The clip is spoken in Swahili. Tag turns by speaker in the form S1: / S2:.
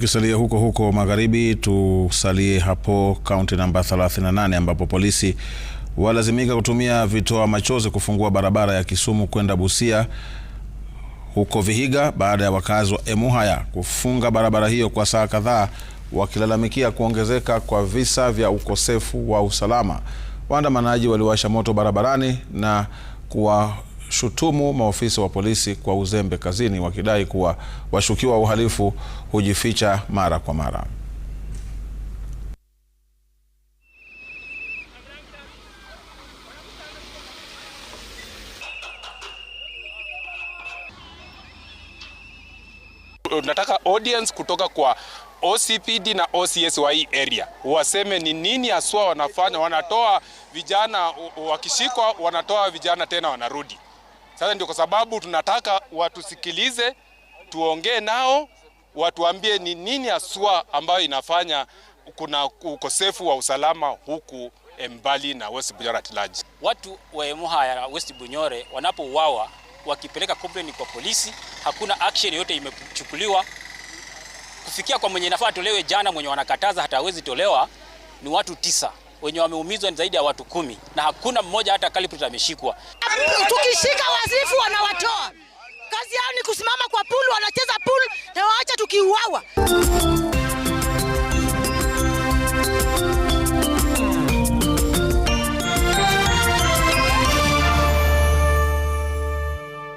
S1: Tukisalia huko huko magharibi, tusalie hapo kaunti namba 38 ambapo polisi walazimika kutumia vitoa machozi kufungua barabara ya Kisumu kwenda Busia huko Vihiga baada ya wakazi wa Emuhaya kufunga barabara hiyo kwa saa kadhaa wakilalamikia kuongezeka kwa visa vya ukosefu wa usalama. Waandamanaji waliwasha moto barabarani na kuwa wameshutumu maofisa wa polisi kwa uzembe kazini wakidai kuwa washukiwa wa uhalifu hujificha mara kwa mara.
S2: Nataka audience kutoka kwa OCPD na OCS wa hii area waseme ni nini haswa wanafanya. Wanatoa vijana wakishikwa, wanatoa vijana tena wanarudi. Sasa ndio kwa sababu tunataka watusikilize, tuongee nao, watuambie ni nini haswa ambayo inafanya kuna ukosefu wa usalama huku mbali na West Bunyore at large.
S3: Watu wa Emuha ya West Bunyore wanapouawa wakipeleka complaint kwa polisi, hakuna action yote imechukuliwa kufikia kwa mwenye nafaa tolewe. Jana mwenye wanakataza hata hawezi tolewa ni watu tisa wenye wameumizwa ni zaidi ya watu kumi na hakuna mmoja hata culprit ameshikwa.
S4: Tukishika wazifu wanawatoa, kazi yao ni kusimama kwa pulu, wanacheza pulu na waacha tukiuawa.